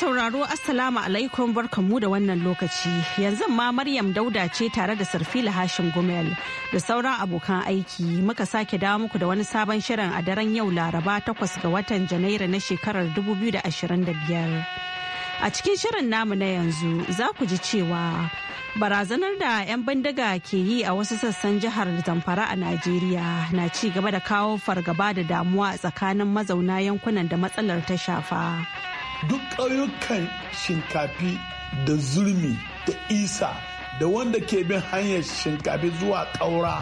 sauraro Assalamu alaikum barkanmu da wannan lokaci. Yanzu ma Maryam Dauda ce tare da Sarfila Hashim Gumel da sauran abokan aiki muka sake dawo muku da wani sabon shirin a daren yau Laraba takwas ga watan Janairu na shekarar 2025. A cikin shirin namu na yanzu za ku ji cewa barazanar da 'yan bandaga ke yi a wasu sassan jihar Zamfara a Najeriya na ci gaba da kawo fargaba da damuwa a tsakanin mazauna yankunan da matsalar ta shafa. duk ƙauyukan shinkafi da zurmi da isa da wanda ke bin hanyar shinkafi zuwa ƙaura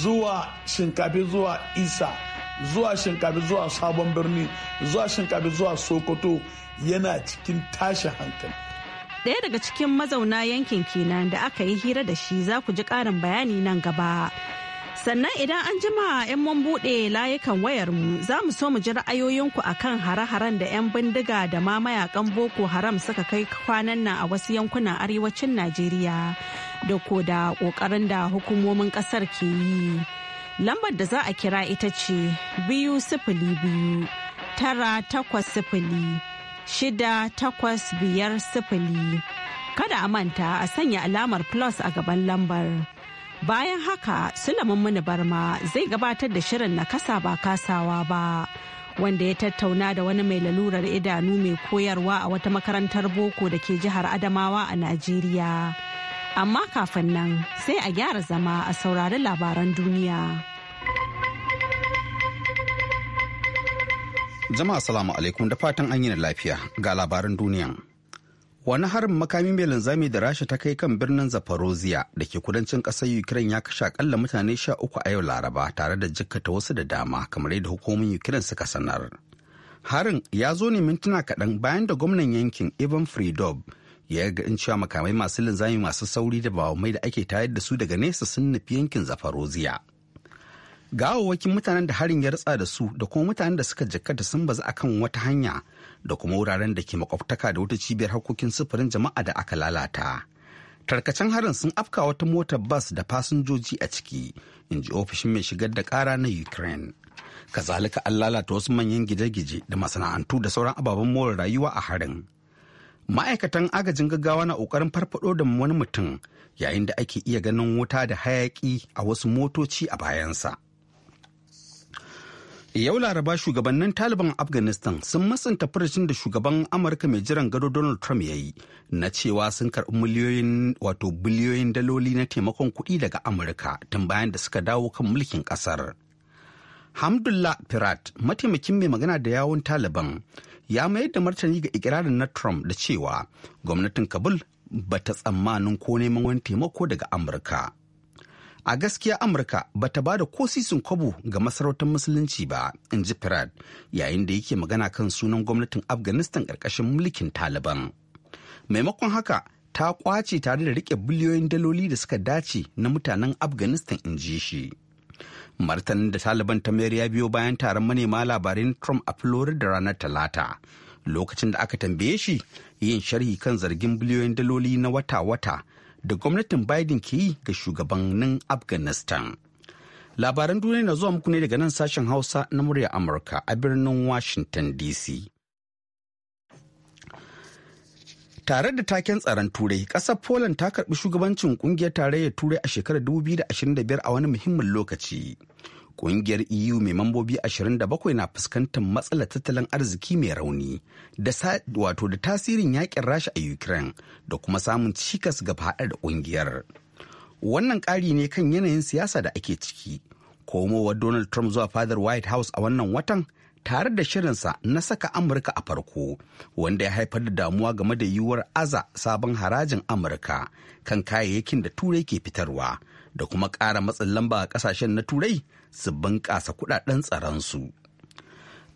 zuwa shinkafi zuwa isa zuwa shinkafi zuwa sabon birni zuwa shinkafi zuwa sokoto yana cikin tashin hankali ɗaya daga cikin mazauna yankin kenan da aka yi hira da shi za ku ji ƙarin bayani nan gaba. Sannan idan an jima 'yan mun buɗe layukan wayarmu za mu so mu ji ra'ayoyinku a kan hare-haren da 'yan bindiga da ma mayakan Boko Haram suka kai kwanan nan a wasu yankunan arewacin Najeriya da ko da ƙoƙarin da hukumomin ƙasar ke yi. Lambar da za a kira ita ce biyu sifili biyu tara takwas sifili shida takwas biyar sifili. Kada a manta a sanya alamar plus a gaban lambar. Bayan haka Sulaiman Manubarma zai gabatar da shirin na kasa ba kasawa ba wanda ya tattauna da wani mai lalurar idanu mai koyarwa a wata makarantar boko da ke jihar Adamawa a Najeriya. Amma kafin nan sai a gyara zama a saurari labaran duniya. Jama'a salamu alaikum da fatan an yi lafiya ga labaran duniya. wani harin makami mai linzami da rasha ta kai kan birnin zaporozhia da ke kudancin ƙasar ukraine ya kashe akalla mutane sha uku a yau laraba tare da jikkata wasu da dama kamar yadda hukumomin ukraine suka sanar harin ya zo ne mintuna kaɗan bayan da gwamnan yankin ivan freedom ya ga in cewa makamai masu linzami masu sauri da bawamai da ake tayar da su daga nesa sun nufi yankin zaporozhia gawawwakin mutanen da harin ya ritsa da su da kuma mutanen da suka jikkata sun bazu akan wata hanya da kuma wuraren da ke makwabtaka da wata cibiyar harkokin sufurin jama'a da aka lalata. Tarkacen harin sun afka wata motar bas da fasinjoji a ciki, in ji ofishin mai shigar da kara na Ukraine. Kazalika an lalata wasu manyan gije-gije da masana'antu da sauran ababen more rayuwa a harin. ma'aikatan agajin gaggawa na ƙoƙarin farfaɗo da wani mutum yayin da ake iya ganin wuta da hayaƙi a wasu motoci a bayansa Yau Laraba shugabannin Taliban Afghanistan sun masanta furucin da shugaban Amurka mai jiran gado Donald Trump ya yi na cewa sun karɓi miliyoyin wato biliyoyin daloli na taimakon kuɗi daga Amurka tun bayan da suka dawo kan mulkin ƙasar. Hamdullah Pirat, mataimakin mai magana da yawun Taliban, ya mayar da martani ga ikirarin na Trump da cewa gwamnatin Kabul ba ta tsammanin ko neman wani taimako daga Amurka. a gaskiya amurka ba ta bada da kosisin kwabo ga masarautar musulunci ba in ji firat yayin da yake magana kan sunan gwamnatin afghanistan ƙarƙashin mulkin taliban maimakon haka ta kwace tare da rike biliyoyin daloli da suka dace na mutanen afghanistan in ji shi martanin da taliban ta mayar ya biyo bayan taron manema labarai trump a florida ranar talata lokacin da aka tambaye shi yin sharhi kan zargin biliyoyin daloli na wata-wata da gwamnatin Biden ke yi ga shugabannin Afghanistan. Labaran duniya na zuwa muku ne daga nan sashen Hausa na muryar Amurka a birnin Washington DC. tare da taken tsaron turai ƙasar poland ta karbi shugabancin ƙungiyar tarayyar turai a shekarar 2025 a wani muhimmin lokaci Ƙungiyar EU mai mambobi 27 na fuskantar matsalar tattalin arziki mai rauni da wato da tasirin yakin rasha a Ukraine da kuma samun cikas ga faɗar da ƙungiyar. Wannan ƙari ne kan yanayin siyasa da ake ciki. Komowa Donald Trump zuwa fadar White House a wannan watan tare da shirinsa na saka Amurka a farko, wanda ya haifar da damuwa game da yiwuwar aza sabon harajin Amurka kan kayayyakin da Turai ke fitarwa, da kuma ƙara matsin lamba a ƙasashen na Turai su bunƙasa kudaden tsaronsu.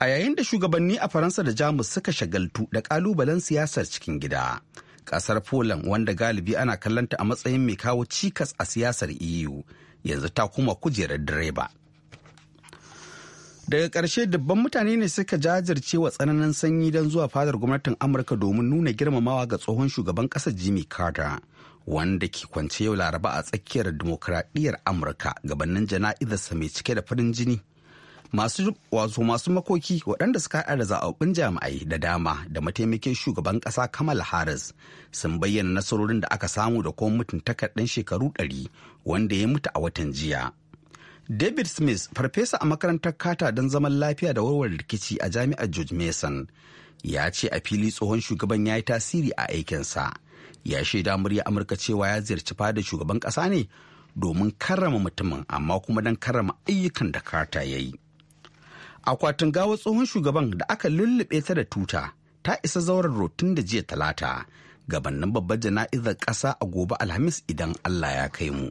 A yayin da shugabanni a Faransa da Jamus suka shagaltu da ƙalubalen siyasar cikin gida. Ƙasar Poland wanda galibi ana kallanta a matsayin mai kawo cikas a siyasar EU yanzu ta kuma kujerar direba. daga ƙarshe dubban mutane ne suka jajirce wa tsananin sanyi don zuwa fadar gwamnatin amurka domin nuna girmamawa ga tsohon shugaban ƙasar jimmy carter wanda ke kwance yau laraba a tsakiyar demokradiyyar amurka gabanin jana'izarsa mai cike da farin jini masu wato masu makoki waɗanda suka haɗa da zaɓaɓɓun jami'ai da dama da mataimakin shugaban ƙasa kamal harris sun bayyana nasarorin da aka samu da kuma mutum takardar shekaru ɗari wanda ya mutu a watan jiya david smith farfesa a makarantar kata don zaman lafiya da warware rikici a jami'ar george mason ya ce a fili tsohon shugaban ya yi tasiri a aikinsa ya shaida murya amurka cewa ya ziyarci fada shugaban ƙasa ne domin karrama mutumin amma kuma don karrama ayyukan da karta ya yi akwatin gawa tsohon shugaban da aka lullube ta da tuta ta isa zauren rotun da jiya talata gabanin babbar jana'izar ƙasa a gobe alhamis idan allah ya kai mu.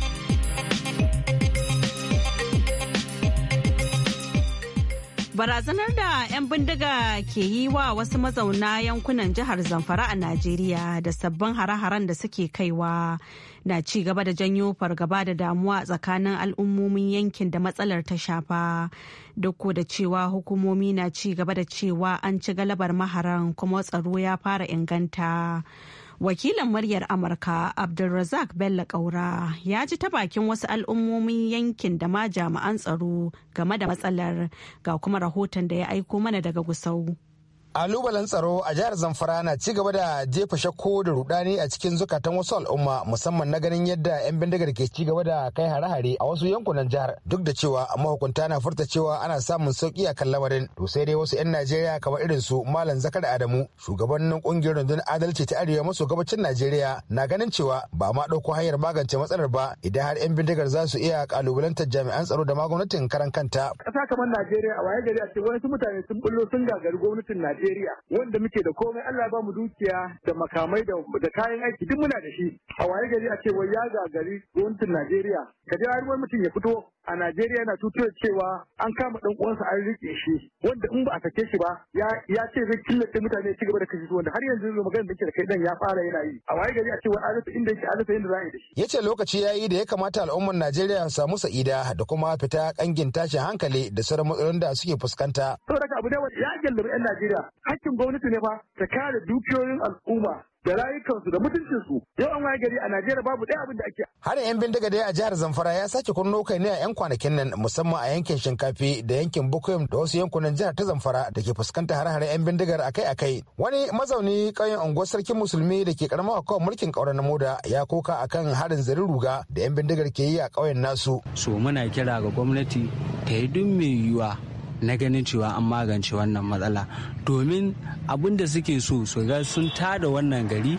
Barazanar da 'yan bindiga ke yi wa wasu mazauna yankunan jihar Zamfara a Najeriya da sabbin hare-haren da suke kaiwa na ci gaba da janyo fargaba da damuwa tsakanin al'ummomin yankin da matsalar ta shafa. Duk da cewa hukumomi na ci gaba da cewa an ci galabar maharan kuma tsaro ya fara inganta. wakilin muryar amurka abdulrazak bello kaura ya ji ta bakin wasu al'ummomin yankin da ma jami'an tsaro game da matsalar ga kuma rahoton da ya aiko mana daga gusau Kalubalen tsaro a jihar Zamfara na ci gaba da jefa shakko da rudani a cikin zukatan wasu al'umma musamman na ganin yadda 'yan bindigar ke ci gaba da kai hare-hare a wasu yankunan jihar duk da cewa mahukunta na furta cewa ana samun sauki a kan lamarin to sai dai wasu 'yan Najeriya kamar irin su Malam Zakar Adamu shugabannin kungiyar rundun adalci ta Arewa maso gabacin Najeriya na ganin cewa ba ma dauko hanyar magance matsalar ba idan har 'yan bindigar za su iya kalubalantar jami'an tsaro da ma gwamnatin karan kanta. Ƙasa kamar Najeriya a waye gari a ce wani mutane sun bullo sun gagari gwamnatin Najeriya Najeriya wanda muke da komai Allah ba mu dukiya da makamai da kayan aiki duk muna da shi a waye gari a ce wai ya gagari gwamnatin Najeriya ka har wani mutum ya fito a Najeriya na tutuwa cewa an kama ɗan uwansa an rike shi wanda in ba a sake shi ba ya ce zai killace mutane ci gaba da kashe wanda har yanzu yanzu magana da ke da kai dan ya fara yana yi a waye gari a cewa an rufe inda yake an rufe inda za a yi da shi yace lokaci yayi da ya kamata al'ummar Najeriya su samu sa'ida da kuma fita kangin tashin hankali da sauran matsalolin da suke fuskanta saboda abu ne ya gallaba yan Najeriya hakkin gwamnati ne fa ta kare dukiyoyin al'umma da rayukansu da mutuncinsu yau an waye gari a Najeriya babu ɗaya abin da ake. Har yan bindiga dai a jihar Zamfara ya sake kunno kai ne a yan kwanakin nan musamman a yankin Shinkafi da yankin Bukoyim da wasu yankunan jihar ta Zamfara da ke fuskantar har har yan bindigar akai-akai. Wani mazauni ƙauyen unguwar sarkin musulmi da ke karamar kawo mulkin ƙauren na Moda ya koka akan harin zarin ruga da yan bindigar ke yi a ƙauyen nasu. So muna kira ga gwamnati ta yi duk mai yiwuwa na ganin cewa an magance wannan matsala domin abin da suke so su ga sun tada wannan gari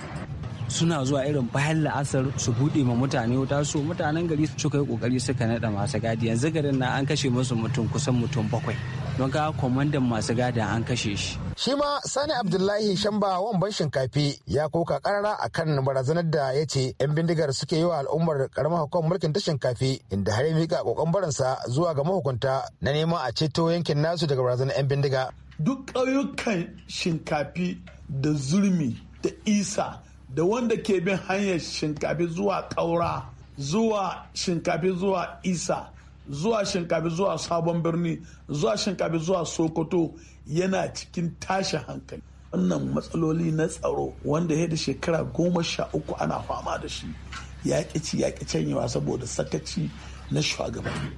suna zuwa irin bayan la'asar su buɗe ma mutane wuta su mutanen gari suka yi kokari suka naɗa masu gadi yanzu garin na an kashe musu mutum kusan mutum bakwai don ga kwamandan masu gada an kashe shi shi ma sani abdullahi shamba wamban shinkafi ya koka karara a kan barazanar da ya ce yan bindigar suke yi wa al'ummar karamar hukumar mulkin ta shinkafi inda har ya mika kokon baransa zuwa ga mahukunta na neman a ceto yankin nasu daga barazanar yan bindiga duk ƙauyukan shinkafi da zurmi da isa da wanda ke bin hanyar shinkafi zuwa ƙaura zuwa shinkafi zuwa isa zuwa shinkafi zuwa sabon birni zuwa shinkafi zuwa sokoto yana cikin tashi hankali wannan matsaloli na tsaro wanda ya da shekara goma sha uku ana fama da shi ya ci ya canyewa saboda sakaci na shugabanni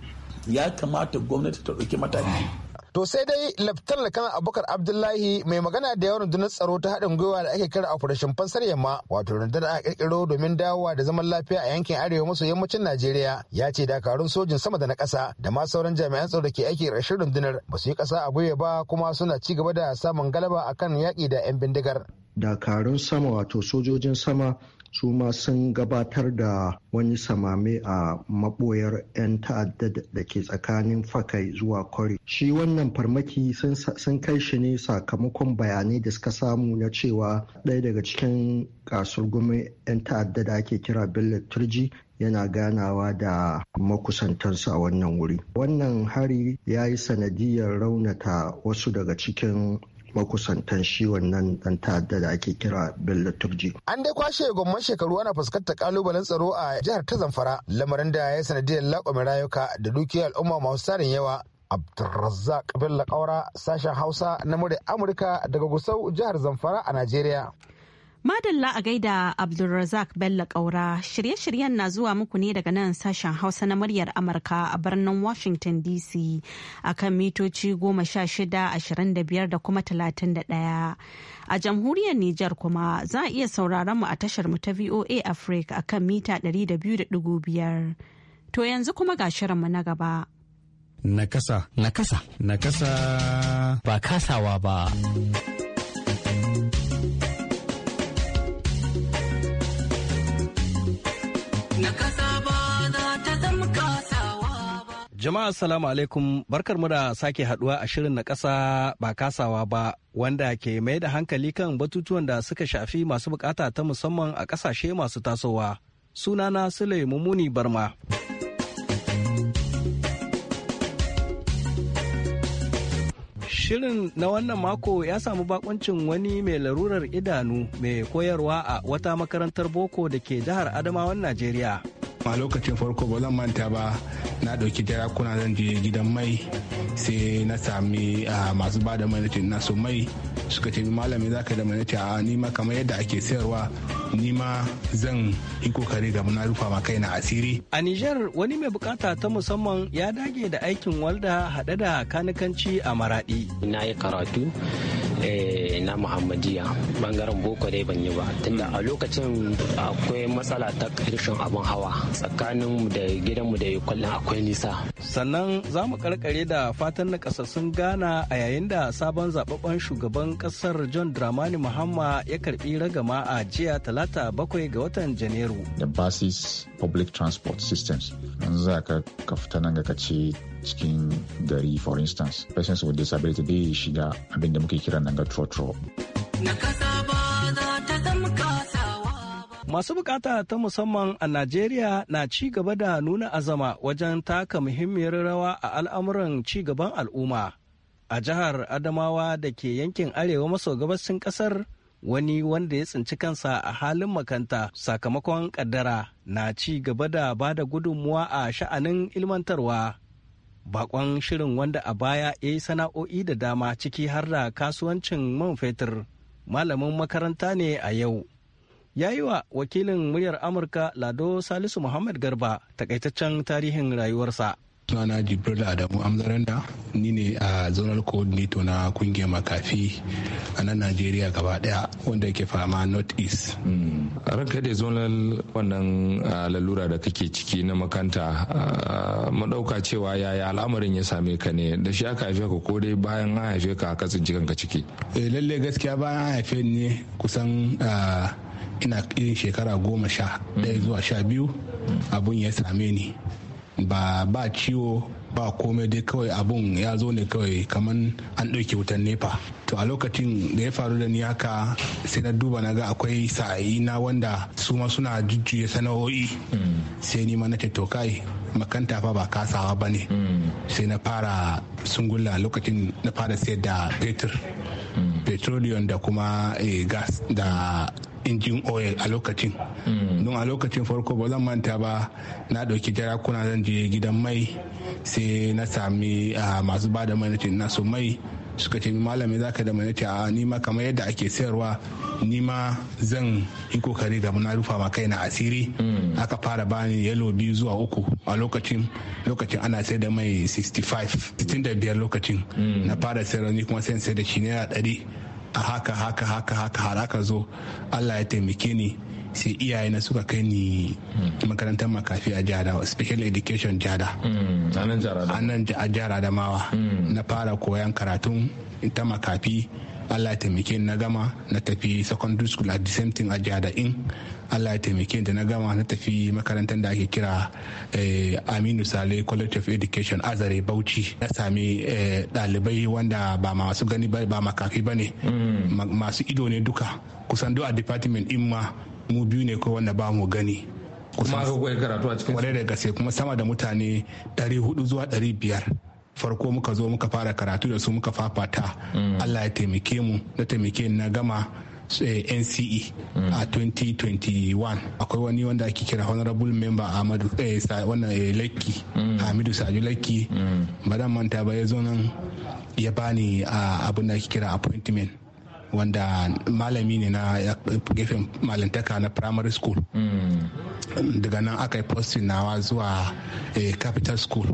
ya kamata gwamnati ta ɗauki mataki To sai dai Laftar Lakan Abubakar Abdullahi mai magana da yawan rundunar tsaro ta haɗin gwiwa da ake kira a Operation Fansar Yamma wato rundunar a ƙirƙiro domin dawowa da zaman lafiya a yankin arewa maso yammacin Najeriya ya ce dakarun sojin sama da na ƙasa da ma sauran jami'an tsaro da ke aiki ƙarshen rundunar ba su yi ƙasa a gwiwa ba kuma suna ci gaba da samun galaba akan yaƙi da 'yan bindigar. Dakarun sama wato sojojin sama su ma sun gabatar da wani samame a maboyar 'yan ta'adda da ke tsakanin fakai zuwa kwari shi wannan farmaki sun kai shi ne sakamakon bayanai da suka samu na cewa ɗaya daga cikin kasar gumi 'yan ta'adda da ake kira bello turji yana ganawa da makusantarsa a wannan wuri wannan hari ya yi sanadiyar raunata wasu daga cikin makusantan shi wannan dan ta'adda da ake kira bello turji an dai kwashe gomman shekaru ana fuskantar kalubalen tsaro a jihar ta zamfara lamarin da ya sanadiyar lakwame rayuka da dukiyar al'umma masu tsarin yawa abdulrazzaq bello kaura sashen hausa na murya amurka daga gusau jihar zamfara a najeriya Madalla a gaida Abdulrazak Bello Kaura shirye-shiryen na zuwa muku ne daga nan sashen Hausa na muryar Amurka a birnin Washington DC a kan mitoci goma sha ashirin da da kuma talatin A jamhuriyar Nijar kuma za a iya sauraron mu a tashar mu ta VOA Africa a kan mita ɗari To yanzu kuma ga shirinmu na gaba. Nakasa. Nakasa. Nakasa. Ba kasawa ba. Jama'a salamu alaikum barkar mu da sake haduwa a shirin na kasa ba kasawa ba wanda ke mai da hankali kan batutuwan da suka shafi masu bukata ta musamman a ƙasashe masu tasowa. Sunana Sule Mumuni Barma. Shirin na wannan mako ya samu bakoncin wani mai larurar idanu mai koyarwa a wata makarantar boko da ke jihar Adamawan Najeriya. ma lokacin farko ba zan manta ba na ɗauki jarakuna zan je gidan mai sai na sami masu ba da mai na so mai suka ce malami za ka da mai a nima kamar yadda ake sayarwa nima zan yi kokari ga na rufa ma kaina asiri. A niger wani mai bukata ta musamman ya dage da aikin walda haɗe da kanikanci a maraɗi. Na yi karatu Eh, na muhammadiya bangaren boko dai ban yi ba tunda a lokacin akwai matsala ta rashin abin hawa tsakanin da mu da kwallon akwai nisa sannan za mu karkare da fatan na kasassun gana a yayin da sabon zababban shugaban kasar john dramani muhamma ya karbi ragama a jiya talata bakwai ga watan janairu da basis public transport systems yanzu za ka fita nan ga ka ce cikin gari for instance persons with disability bai shiga abinda muke kira nan ga trotro Masu bukata ta musamman a Najeriya na ci gaba da nuna azama wajen taka muhimmiyar rawa a al'amuran ci gaban al'umma. A jihar Adamawa da ke yankin arewa maso gabashin kasar wani wanda ya tsinci kansa a halin makanta sakamakon kaddara na ci gaba da bada da gudunmuwa a sha'anin ilmantarwa bakon shirin wanda a baya ya yi sana'o'i da dama ciki har da kasuwancin man fetur malamin makaranta ne a yau ya yi wa wakilin muryar amurka lado salisu muhammad garba takaitaccen tarihin rayuwarsa sunana jibril adamu amzaranda ni ne a zonal coordinator na kungiyar makafi a nan najeriya gaba daya wanda ke fama north east mm. ranka da zonal wannan lalura da kake ciki na makanta madauka cewa yaya al'amarin ya same ka ne da shi aka haife ka ko dai bayan an haife ka ka tsinci kanka ciki eh, lalle gaskiya bayan an haife ne kusan ina irin shekara goma sha ɗaya mm. zuwa sha biyu mm. abun ya same ni ba ba ciwo ba komai dai kawai abun ya zo ne kawai kamar an ɗauki wutan nepa. to a lokacin da ya faru da ni haka sai na duba na ga akwai sa'ayi na wanda su ma suna jujjuya sana'o'i sai ni ma na to kai makanta fa ba kasawa ba ne sai na fara sungulla lokacin na fara sayar da fetur petroleum da kuma eh, gas da injin oil a lokacin hmm. don a lokacin farko ba zan manta ba na ɗauki jarakuna zan je gidan mai sai na sami ah, masu ba da mai na so mai suka ce malami zaka da mai a ah, nima kamar yadda ake sayarwa nima zan yi kokari da na rufa ma na asiri hmm. aka fara bani yalo biyu zuwa uku a lokacin lokacin ana sai da mai 65 65 lokacin hmm. na fara sayarwa ni kuma sai da shi naira ɗari. a haka haka haka haka har aka zo allah ya taimake ni sai iyaye na suka kai ni makarantar makafi a jada special education jada hmm, a nan jihar adamawa. Hmm. na fara koyan karatun ta makafi allah ya taimake na gama na tafi secondary school a the same thing a jihar in allah ya taimake da na gama na tafi makarantar da ake kira eh, aminu sale college of education azare bauchi na sami dalibai eh, wanda ba masu gani ba makafi ba ne mm. masu ido ne duka kusan duk a department in ma mu biyu ne ko wanda ba mu gani kuma karatu a cikin kwarai da gaske kuma sama da mutane 400 zuwa 500 farko muka zo muka fara karatu da su muka fafata mm. allah ya taimake mu na taimake na gama eh, nce mm. a 2021 akwai wani wanda ake kira honorable member ahmadu eh, wannan eh, mm. hamidu saju Lekki. ba manta ba ya zo nan ya bani abin da ake kira appointment wanda malami ne na gefen malantaka na primary school daga nan aka yi posting nawa zuwa capital school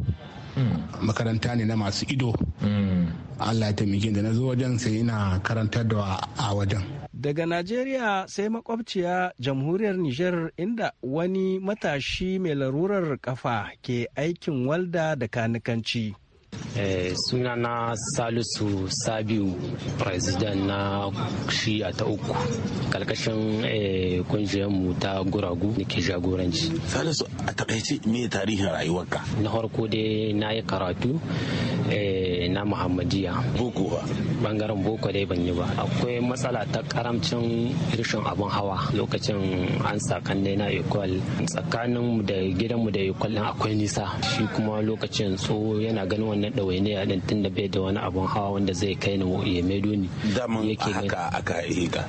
makaranta ne na masu ido mm. allah ya taimake da na zo wajen sai ina karantar da a wajen daga najeriya sai makwabciya jamhuriyar niger inda wani matashi mai larurar kafa ke aikin walda da kanikanci Eh, suna na salisu sabiu president na shi a ta uku kalkashin eh, mu ta guragu da ke jagoranci salisu a takaice mai tarihin rayuwarka na farko dai na yi karatu eh, na muhammadiya boko ba bangaren boko dai ban yi ba akwai matsala ta karamcin irshin abun hawa lokacin an sakan dai na equal tsakanin da gidanmu da equal din akwai nisa shi kuma lokacin so yana ganin wannan a din tunda da bai da wani abun hawa wanda zai kai ni ya maido ni daman haka aka a ka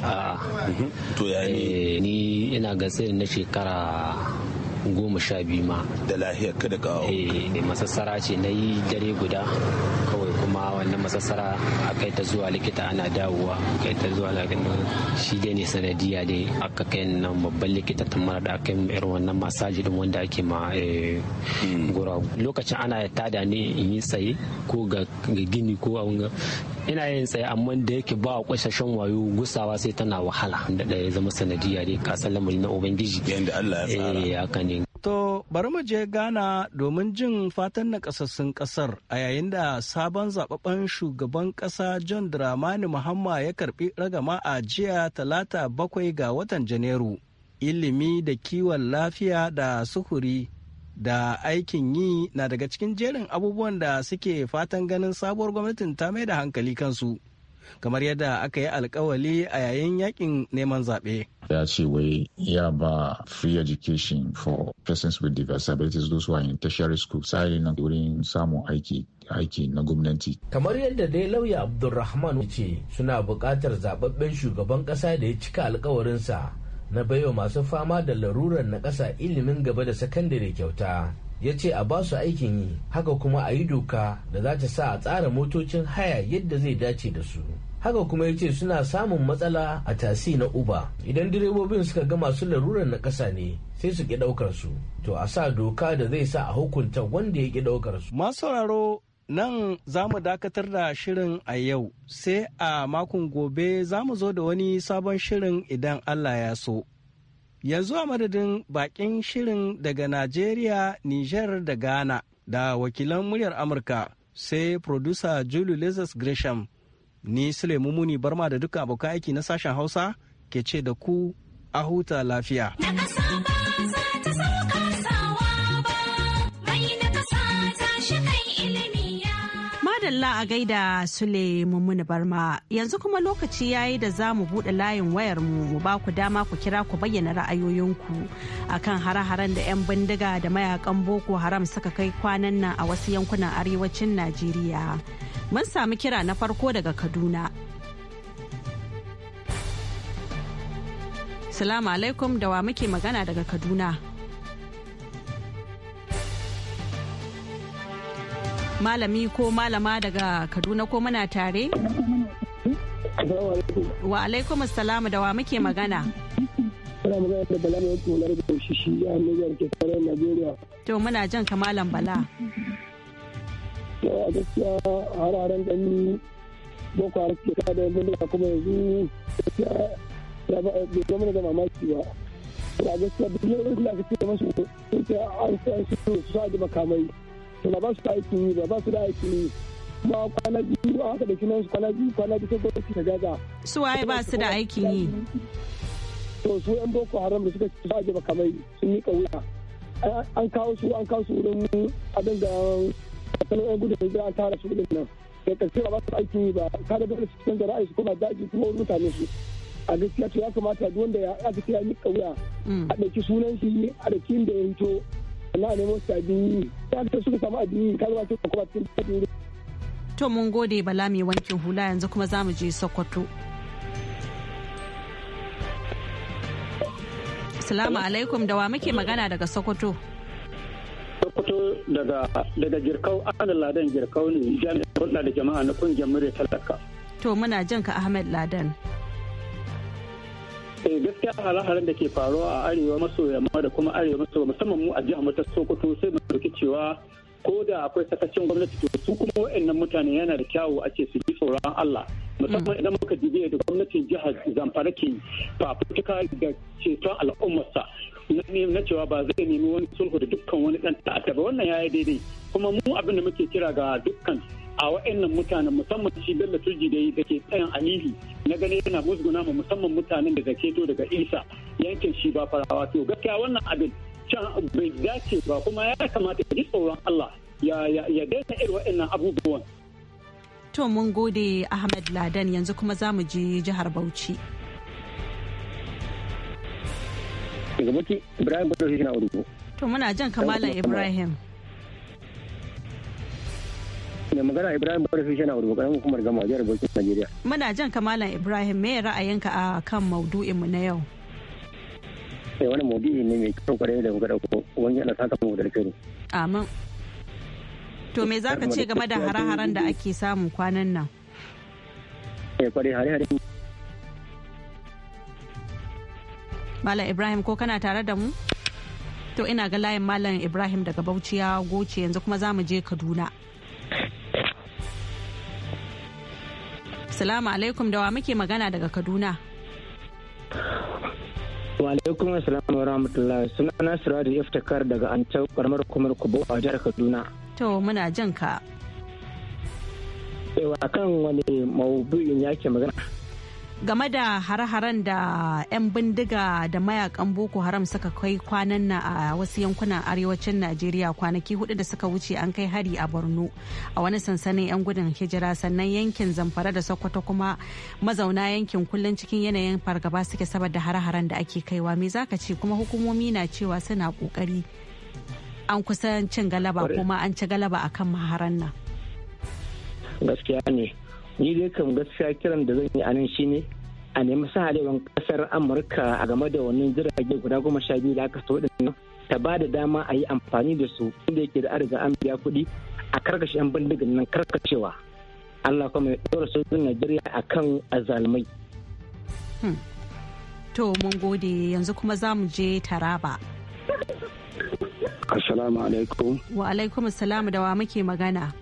mhm. to ya eh, ni ina ga sai na shekara goma sha biyu ma da lahiyar kada kawo eh, masassara ce na yi dare guda kawai ma wannan matsatsara a kai ta zuwa likita ana dawowa kai ta zuwa shi dai ne sanadiya dai aka kai nan babban likita ta mara da aka yi irin wannan masaji din wanda ake ma eh, hmm. gura lokacin ana tada ne in yi tsaye ko ga gini ko a wunga ina yin tsaye amma da yake ba kwashashen wayo gusawa sai tana wahala da ya zama sanadiya dai kasan lamarin na ubangiji yanda Allah ya tsara eh, haka ne To bari mu je Ghana domin jin fatan na kasassun kasar a yayin da sabon zababben shugaban ƙasa John Dramani Muhamma ya karɓi ragama a jiya talata bakwai ga watan Janairu. Ilimi da kiwon lafiya da suhuri da aikin yi na daga cikin jerin abubuwan da suke fatan ganin sabuwar gwamnatin ta mai da hankali kansu. kamar yadda aka yi alkawali a yayin yakin neman zaɓe. ya ce wai ya ba free education for persons with disabilities those who are in tertiary school tsari na wurin samun aiki aiki na gwamnati. Kamar yadda dai lauya Abdulrahman ce suna buƙatar zaɓaɓɓen shugaban ƙasa da ya cika alkawarinsa na baiwa masu fama da larurar na ƙasa ilimin gaba da sakandare kyauta. ya ce a basu aikin yi haka kuma a yi doka da za ta sa a tsara motocin haya yadda zai dace da su haka kuma ya ce suna samun matsala a tasi na uba idan direbobin suka ga masu larurar na ƙasa ne sai su ki ɗaukar su to a sa doka da zai sa a hukunta wanda ya ki ɗaukar su masu sauraro nan za mu dakatar da shirin a yau sai a makon gobe za mu zo da wani sabon shirin idan allah ya so yanzu a madadin bakin shirin daga Najeriya, niger da Ghana da wakilan muryar Amurka sai producer Julie Lazarus Gresham. Ni Sulemu Muni Barma da duka abokan aiki na sashen Hausa ke ce da ku a huta lafiya. madalla a gaida Sule Mummuni Barma yanzu kuma lokaci ya yi da za mu buɗe layin wayar mu mu ba ku dama ku kira ku bayyana ra'ayoyinku a kan hare-haren da 'yan bindiga da mayakan Boko Haram suka kai kwanan nan a wasu yankunan arewacin Najeriya. Mun samu kira na farko daga Kaduna. Salamu alaikum da wa muke magana daga Kaduna. malami ko malama daga kaduna ko muna tare wa alaikum assalamu da wa muke magana Muna magana da Bala mai da a Nijar ke tare nigeria. To muna jan kamalan Bala. A gaskiya hararen Boko Haram ke da yanzu da kuma yanzu ya ba da da mamaki ba. A gaskiya duk yau da kuma su ce an sa su sa da makamai. ba ba su da aikin yi ba ba su da aikin yi ma kwana biyu ba haka da kinan su kwana biyu kwana biyu sai gwamnati ta gaza su waye ba su da aikin yi to su yan boko haram da suka ci ba je makamai sun mika wuya an kawo su an kawo su wurin abin da tattalin yan gudun hijira an tara su wurin nan da karshe ba su aikin yi ba kada dole su canza ra'ayi su kuma daji kuma wurin mutane su a gaskiya to ya kamata duk wanda ya aka ya mika wuya mm. a ɗauki sunan shi a ɗauki inda ya hito na nemo su abin yi ta da suka samu abin yi kalma su kuma cikin abin yi. to mun gode bala mai wankin hula yanzu kuma za mu je sokoto. Assalamu alaikum da wa muke magana daga Sokoto. Sokoto daga daga Jirkau Ahmed Ladan Jirkau ne jami'in hulɗa da jama'a na kungiyar murya talaka. To muna jan ka Ahmed Ladan. eh gaskiya hare-haren da ke faruwa a arewa maso yamma da kuma arewa maso musamman mu a jihar ta sokoto sai mu dauki cewa ko da akwai sakacin gwamnati to su kuma wa'annan mutane yana da kyawu a ce su ji tsoron Allah musamman idan muka dibe da gwamnatin jihar Zamfara ke fafutuka da ceton al'ummarsa na cewa ba zai nemi wani sulhu da dukkan wani dan ta'adda ba wannan yayi daidai kuma mu abin da muke kira ga dukkan a wa'annan mutanen musamman shi bello turji da ke tsayin alihi na gani yana musguna ma musamman mutanen da zaketo daga isa yankin shi ba farawa to gaskiya wannan abin can bai dace ba kuma ya kamata ya ji tsoron allah ya daina irin wa'annan abubuwan to mun gode ahmed ladan yanzu kuma za mu je jihar bauchi ibrahim to muna jan kamala ibrahim mai magana ibrahim barfi shi na rubukan hukumar gama jihar bauchi najeriya muna jan kamala ibrahim me ra'ayinka a kan maudu'in mu na yau sai eh, wani maudu'i ne mai kyau kwarai da muka dauko wani yana saka mu da alkhairi amin to me zaka ce game da hare-haren da ake samu kwanan nan eh kwarai hare-hare Malam Ibrahim ko kana tare da mu? To ina ga layin Malam Ibrahim daga Bauchi ya goce yanzu kuma za mu je Kaduna. Assalamu alaikum da wa muke magana daga Kaduna. Wa alaikum assalamu wa rahmatullahi suna na Sirajin Iftikar daga Antau karamar hukumar Kubo a jihar Kaduna. To muna jinka. ka. Ewa kan wani maudu'in yake magana. game da hare-haren da 'yan bindiga da mayakan boko haram suka kai kwanan na a wasu yankunan arewacin najeriya kwanaki hudu da suka wuce an kai hari a borno a wani sansanin 'yan gudun hijira sannan yankin zamfara da sokoto kuma mazauna yankin kullum cikin yanayin fargaba suke saboda hare-haren da ake kaiwa me zaka ce kuma hukumomi na cewa suna kokari an kusan cin galaba kuma an ci galaba akan maharan nan gaskiya ne ni dai kan gaskiya kiran da zan yi anan ne a nemi sahalewar kasar amurka a game da wannan jirage guda goma sha biyu da aka so nan ta ba da dama a yi amfani da su inda yake da arga an biya kuɗi a karkashe yan bindigin nan karkacewa allah kuma ya ɗora sojin najeriya a kan azalmai hmm. to mun gode yanzu kuma za mu je taraba assalamu alaikum wa alaikum assalamu da wa muke magana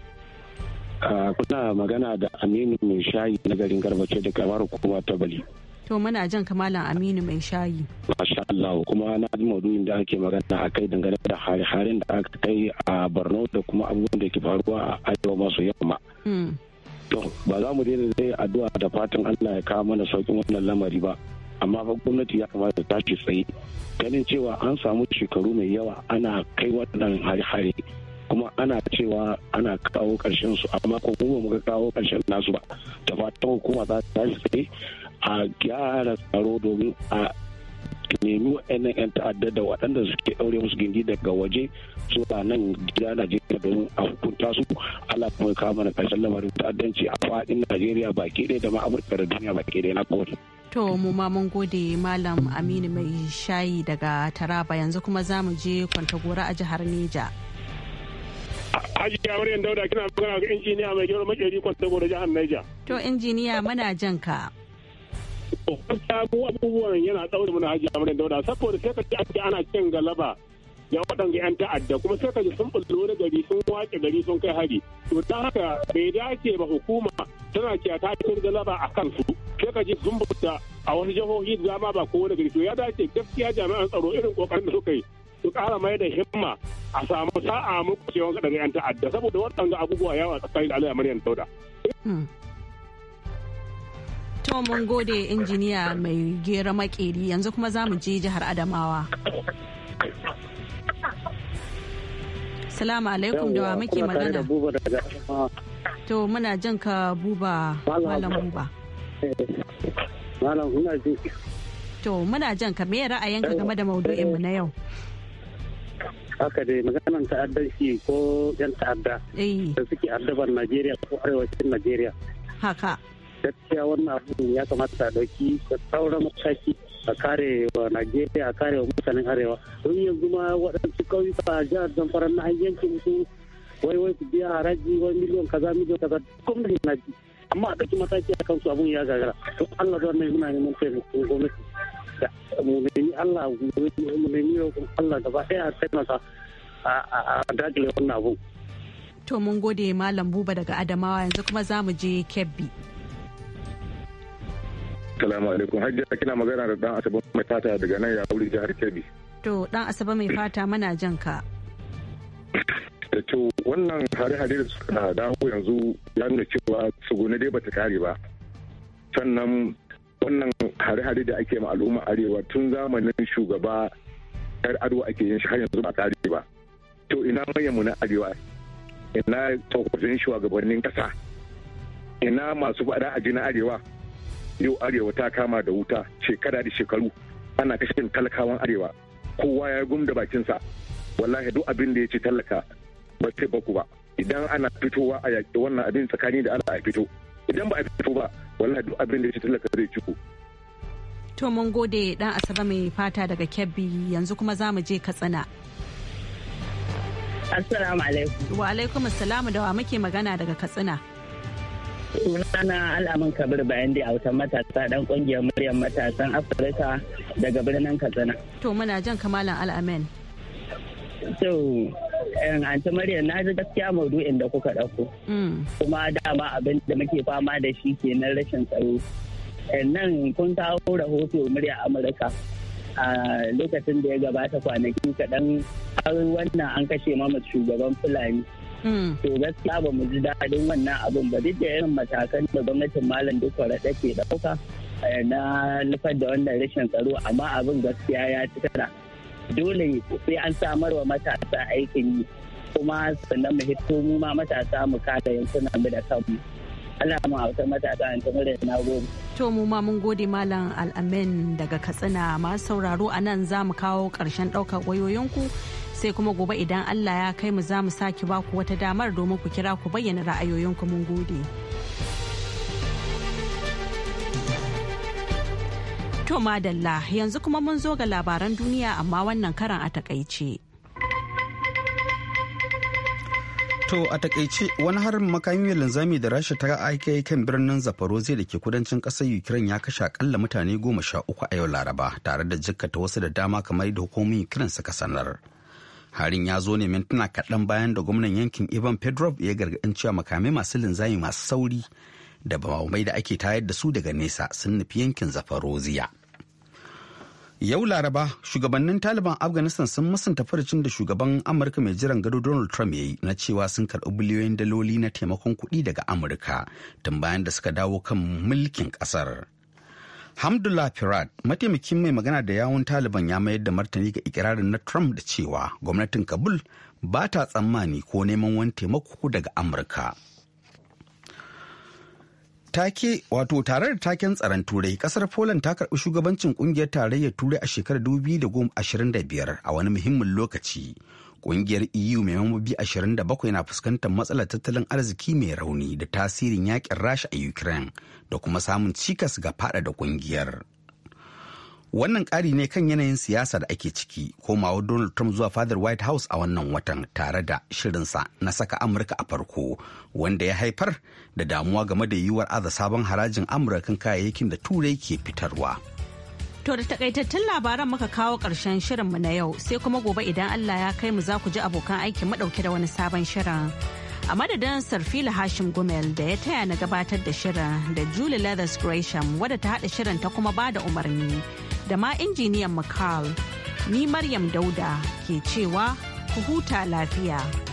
Ah, kuna magana da aminu mai shayi na garin garbace da kamar hukuma ta bali to muna jan kamalan aminu mai shayi masha Allah kuma na ji maudu'in da ake magana a kai dangane da hare-haren da aka kai a Borno da kuma abubuwan da ke faruwa a arewa maso yamma hmm. to ba za mu daina zai addu'a da fatan Allah ya kawo mana saukin wannan lamari ba amma fa gwamnati ya kamata ta tashi tsaye ganin cewa an samu shekaru mai yawa ana kai waɗannan hare-hare kuma ana cewa ana kawo ƙarshen su amma ko kuma muka kawo ƙarshen nasu ba ta fatan hukuma za ta yi tsaye a gyara tsaro domin a nemi wa'annan 'yan ta'adda da waɗanda suke ɗaure musu gindi daga waje su ba nan gida Najeriya domin a hukunta su Allah kuma kama na ƙarshen lamarin ta'addanci a faɗin Najeriya baki ɗaya da ma Amurka da duniya baki ɗaya na gode. To mu ma mun gode Malam Aminu mai shayi daga Taraba yanzu kuma za mu je Kwantagora a jihar Neja. Hajiya yan Dauda kina magana ga injiniya mai gero makeri kwanta gore jihar Niger. To injiniya muna jan ka. Sabu abubuwan yana tsauri muna Hajiya yan Dauda saboda sai ka ji ana cin galaba ya waɗanda 'yan ta'adda kuma sai ka ji sun bullo da gari sun wace gari sun kai hari. To ta haka bai dace ba hukuma tana kiyata cin galaba a kansu. sai ka ji sun a wani jihohi da dama ba kowane gari to ya dace gaskiya jami'an tsaro irin kokarin da suka yi su ƙara mai da himma a samu sa'a muku cewa daga 'yan ta'adda saboda waɗanda abubuwa yawa tsakanin alayyar maryam dauda. Hmm. To mun gode injiniya mai gera makeri yanzu kuma za mu je jihar Adamawa. Salamu alaikum da wa muke magana. To muna jan ka buba malam buba. Malam ina ji. To muna jan ka me ra'ayinka game da maudu'inmu na yau? haka dai maganan ta'addanci ko yan ta'adda da suke addaban najeriya ko arewacin najeriya haka gaskiya wannan abu ya kamata a dauki da sauran mataki a kare wa najeriya a kare wa mutanen arewa don yanzu ma waɗansu ƙauyuka jihar zamfara na an yanke musu wai wai su biya haraji wai miliyan kaza miliyan kaza gwamnati na ji amma a ɗauki mataki a kansu abun ya gagara don allah zuwa mai muna neman taimakon gwamnati Allah Allah gaba ɗaya taimaka a dakile wannan abu. To mun gode Malam Buba daga Adamawa yanzu kuma za mu je Kebbi. Salamu alaikum jiya kina magana da dan asabar mai fata daga nan ya wuri jihar Kebbi. To dan asabar mai fata mana jan ka. Da eh, to wannan hare-hare da suka dawo yanzu ya nuna cewa tsugune dai bata kare ba. Sannan wannan hare-hare da ake ma al'umma arewa tun zamanin shugaba yar ado ake yin shi har yanzu ba tare ba to ina manyanmu na arewa ina tsofaffin shugabannin kasa ina masu fada a na arewa yau arewa ta kama da wuta shekara da shekaru ana kashe talakawan arewa kowa ya gumda bakinsa wallahi duk abin da ya ci tallaka ba ce baku ba idan ana fitowa a yaƙi wannan abin tsakani da ala a fito idan ba a fito ba wannan duk abin da ya talaka zai ciko to mun gode dan asaba mai fata daga kebbi yanzu kuma za mu je katsina assalamu alaikum wa alaikum assalam da wa muke magana daga katsina sunana alamun kabir bayan da autar matasa dan kungiyar muryar matasan afirka daga birnin katsina to muna jan kamalan al'amen so Anta Maryam na ji gaskiya maudu'in da kuka ɗauko. Mm. Kuma dama abin da muke fama da shi ke kenan rashin tsaro. Eh, nan kun kawo rahoto murya Amurka a lokacin da ya gabata kwanaki kaɗan har wannan an kashe mamat shugaban Fulani. Mm. To gaskiya ba mu ji daɗin wannan abin ba duk da irin matakan da gwamnatin Malam Dukwara take ɗauka eh, na nufar da wannan rashin tsaro amma abin gaskiya ya ci tara. dole sai an samar wa matasa aikin yi kuma sannan mu hito mu ma matasa mu kada yankuna mu da kanmu Allah mu matasa an ta murar na gobe To mu ma mun gode Malam Al'amin daga Katsina masu sauraro a nan za mu kawo ƙarshen ɗaukar wayoyinku sai kuma gobe idan Allah ya kai mu za mu sake baku wata damar domin ku kira ku bayyana ra'ayoyinku mun gode. To madalla yanzu kuma mun zo ga labaran duniya amma wannan karan a takaice. To a takaice wani harin makami linzami da rasha ta aike kan birnin zaporozhye da ke kudancin kasar Ukraine ya kashe akalla mutane goma sha uku a yau Laraba tare da jikkata wasu da dama kamar da hukumomin Ukraine suka sanar. Harin ya zo ne mintuna kaɗan bayan da gwamnan yankin Ivan Pedrov ya gargaɗin cewa makamai masu linzami masu sauri da bamamai da ake tayar da su daga nesa sun nufi yankin zaporozhye. Yau Laraba, shugabannin Taliban Afghanistan sun musanta farcin da shugaban Amurka mai jiran gado Donald Trump ya yi na cewa sun karɓi biliyoyin daloli na taimakon kuɗi daga Amurka tun bayan da suka dawo kan mulkin ƙasar. Hamdullah Firat, mataimakin mai magana da yawun Taliban ya mayar da martani ga ikirarin na Trump da cewa gwamnatin Kabul ba ta tsammani ko neman wani taimako daga Amurka. take wato tare da taken tsaron turai kasar poland ta karbi shugabancin kungiyar tarayyar turai a shekarar 2025 a wani muhimmin lokaci kungiyar eu mai mambobi 27 na fuskantar matsalar tattalin arziki mai rauni da tasirin yakin rasha a ukraine da kuma samun cikas ga fada da kungiyar. wannan ƙari ne kan yanayin siyasa da ake ciki komawa donald trump zuwa fadar white house a wannan watan tare da shirinsa na saka amurka a farko wanda ya haifar da damuwa game da yiwuwar aza sabon harajin amurkan kayayyakin da turai ke fitarwa to da takaitattun labaran muka kawo ƙarshen mu na yau sai kuma gobe idan allah ya kai mu za ku ji abokan aiki maɗauke da wani sabon shirin a madadin sarfila hashim gumel da ya taya na gabatar da shirin da julie leathers gresham wadda ta haɗa shirin ta kuma ba da umarni da ma injiniyan mu Ni Maryam Dauda ke cewa ku huta lafiya.